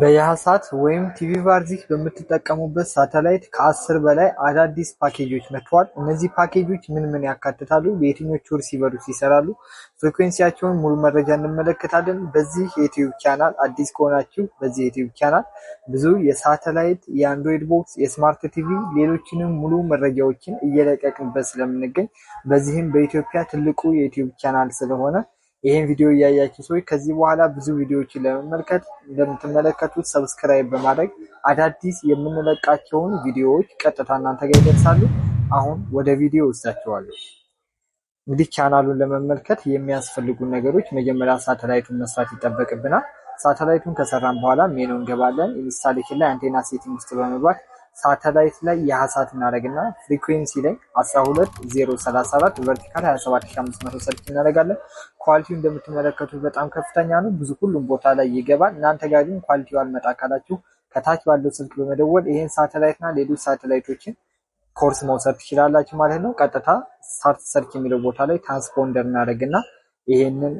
በያህሳት ወይም ቲቪ ቫርዚክ በምትጠቀሙበት ሳተላይት ከአስር በላይ አዳዲስ ፓኬጆች መጥተዋል። እነዚህ ፓኬጆች ምን ምን ያካትታሉ? በየትኞቹ ሪሲቨሮች ይሰራሉ? ፍሪኩዌንሲያቸውን ሙሉ መረጃ እንመለከታለን። በዚህ የዩትዩብ ቻናል አዲስ ከሆናችሁ በዚህ የዩትዩብ ቻናል ብዙ የሳተላይት፣ የአንድሮይድ ቦክስ፣ የስማርት ቲቪ ሌሎችንም ሙሉ መረጃዎችን እየለቀቅንበት ስለምንገኝ በዚህም በኢትዮጵያ ትልቁ የዩትዩብ ቻናል ስለሆነ ይህን ቪዲዮ እያያችሁ ሰዎች ከዚህ በኋላ ብዙ ቪዲዮዎችን ለመመልከት እንደምትመለከቱት ሰብስክራይብ በማድረግ አዳዲስ የምንለቃቸውን ቪዲዮዎች ቀጥታ እናንተ ጋር ይደርሳሉ። አሁን ወደ ቪዲዮ ወስዳችኋለሁ። እንግዲህ ቻናሉን ለመመልከት የሚያስፈልጉን ነገሮች መጀመሪያ ሳተላይቱን መስራት ይጠበቅብናል። ሳተላይቱን ከሰራን በኋላ ሜኑ እንገባለን። ኢንስታሌሽን ላይ አንቴና ሴቲንግ ውስጥ በመግባት ሳተላይት ላይ የሀሳት እናደረግና ፍሪኩንሲ ላይ 12034 ቨርቲካል 27500 ሰርች እናደርጋለን። ኳሊቲው እንደምትመለከቱት በጣም ከፍተኛ ነው። ብዙ ሁሉም ቦታ ላይ ይገባል። እናንተ ጋር ግን ኳሊቲው አልመጣ ካላችሁ ከታች ባለው ስልክ በመደወል ይሄን ሳተላይትና ሌሎች ሳተላይቶችን ኮርስ መውሰድ ትችላላችሁ ማለት ነው። ቀጥታ ሳርት ሰርች የሚለው ቦታ ላይ ትራንስፖንደር እናደረግና ይሄንን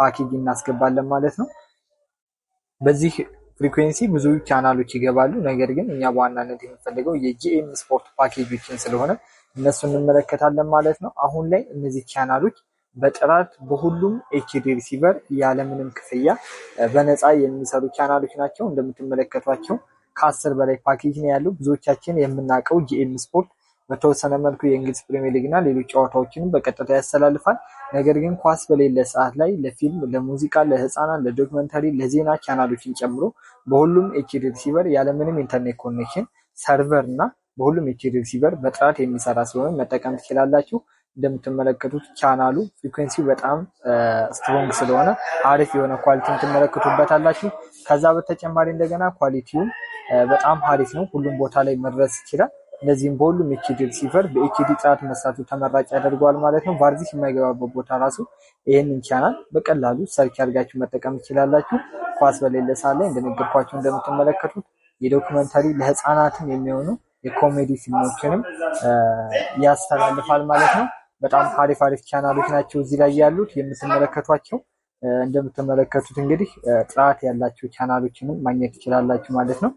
ፓኬጅ እናስገባለን ማለት ነው። በዚህ ፍሪኩዌንሲ ብዙ ቻናሎች ይገባሉ። ነገር ግን እኛ በዋናነት የምንፈልገው የጂኤም ስፖርት ፓኬጆችን ስለሆነ እነሱ እንመለከታለን ማለት ነው። አሁን ላይ እነዚህ ቻናሎች በጥራት በሁሉም ኤችዲ ሪሲቨር ያለምንም ክፍያ በነፃ የሚሰሩ ቻናሎች ናቸው። እንደምትመለከቷቸው ከአስር በላይ ፓኬጅ ነው ያለው። ብዙዎቻችን የምናውቀው ጂኤም ስፖርት በተወሰነ መልኩ የእንግሊዝ ፕሪሚየር ሊግ እና ሌሎች ጨዋታዎችንም በቀጥታ ያስተላልፋል። ነገር ግን ኳስ በሌለ ሰዓት ላይ ለፊልም፣ ለሙዚቃ፣ ለህፃናት፣ ለዶክመንተሪ፣ ለዜና ቻናሎችን ጨምሮ በሁሉም ኤችዲ ሪሲቨር ያለምንም ኢንተርኔት ኮኔክሽን ሰርቨር እና በሁሉም ኤችዲ ሪሲቨር በጥራት የሚሰራ ስለሆነ መጠቀም ትችላላችሁ። እንደምትመለከቱት ቻናሉ ፍሪኩዌንሲው በጣም ስትሮንግ ስለሆነ አሪፍ የሆነ ኳሊቲ ትመለከቱበታላችሁ። ከዛ በተጨማሪ እንደገና ኳሊቲውም በጣም አሪፍ ነው። ሁሉም ቦታ ላይ መድረስ ይችላል። እነዚህም በሁሉም ኤኬዲን ሲፈርድ በኤኬዲ ጥራት መስራቱ ተመራጭ ያደርገዋል ማለት ነው። ቫርዚስ የማይገባበት ቦታ ራሱ ይህንን ቻናል በቀላሉ ሰርች አድርጋችሁ መጠቀም ትችላላችሁ። ኳስ በሌለ ሳ ላይ እንደነገርኳቸው እንደምትመለከቱት የዶክመንታሪ ለህፃናትም የሚሆኑ የኮሜዲ ፊልሞችንም ያስተላልፋል ማለት ነው። በጣም አሪፍ አሪፍ ቻናሎች ናቸው እዚህ ላይ ያሉት የምትመለከቷቸው። እንደምትመለከቱት እንግዲህ ጥራት ያላቸው ቻናሎችንም ማግኘት ትችላላችሁ ማለት ነው።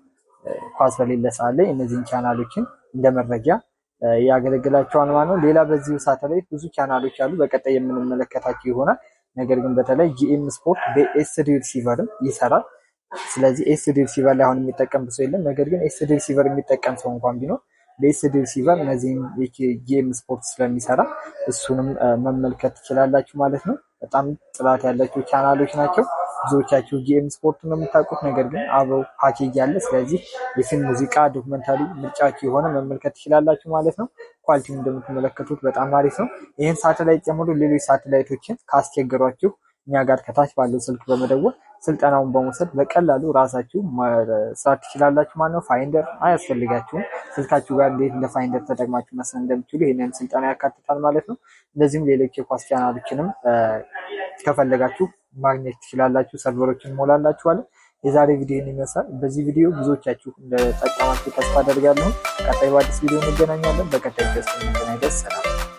ኳስ በሌለ ሳ ላይ እነዚህን ቻናሎችን እንደ መረጃ ያገለግላቸዋል ማለት ነው። ሌላ በዚሁ ሳተላይት ብዙ ቻናሎች አሉ፣ በቀጣይ የምንመለከታቸው ይሆናል። ነገር ግን በተለይ ጂኤም ስፖርት በኤስዲ ሪሲቨርም ይሰራል። ስለዚህ ኤስዲ ሪሲቨር ላይ አሁን የሚጠቀም ሰው የለም። ነገር ግን ኤስዲ ሪሲቨር የሚጠቀም ሰው እንኳን ቢኖር በኤስዲ ሪሲቨር እነዚህም ጂኤም ስፖርት ስለሚሰራ እሱንም መመልከት ትችላላችሁ ማለት ነው። በጣም ጥራት ያላቸው ቻናሎች ናቸው። ብዙዎቻችሁ ጌም ስፖርት ነው የምታውቁት፣ ነገር ግን አብረው ፓኬጅ ያለ ስለዚህ የፊልም፣ ሙዚቃ፣ ዶክመንታሪ ምርጫችሁ የሆነ መመልከት ትችላላችሁ ማለት ነው። ኳሊቲውን እንደምትመለከቱት በጣም አሪፍ ነው። ይህን ሳተላይት ጨምሮ ሌሎች ሳተላይቶችን ካስቸገሯችሁ እኛ ጋር ከታች ባለው ስልክ በመደወል ስልጠናውን በመውሰድ በቀላሉ ራሳችሁ መስራት ትችላላችሁ ማለት ነው። ፋይንደር አያስፈልጋችሁም። ስልካችሁ ጋር እንዴት እንደ ፋይንደር ተጠቅማችሁ መስራት እንደምትችሉ ይህንን ስልጠና ያካትታል ማለት ነው። እንደዚሁም ሌሎች የኳስ ቻናሎችንም ከፈለጋችሁ ማግኘት ትችላላችሁ። ሰርቨሮችን ሞላላችሁ አለ። የዛሬ ቪዲዮ ይመስላል። በዚህ ቪዲዮ ብዙዎቻችሁ እንደጠቀማችሁ ተስፋ አደርጋለሁ። ቀጣይ በአዲስ ቪዲዮ እንገናኛለን። በቀጣይ ደስ እንገናኝ። ደስ ሰላም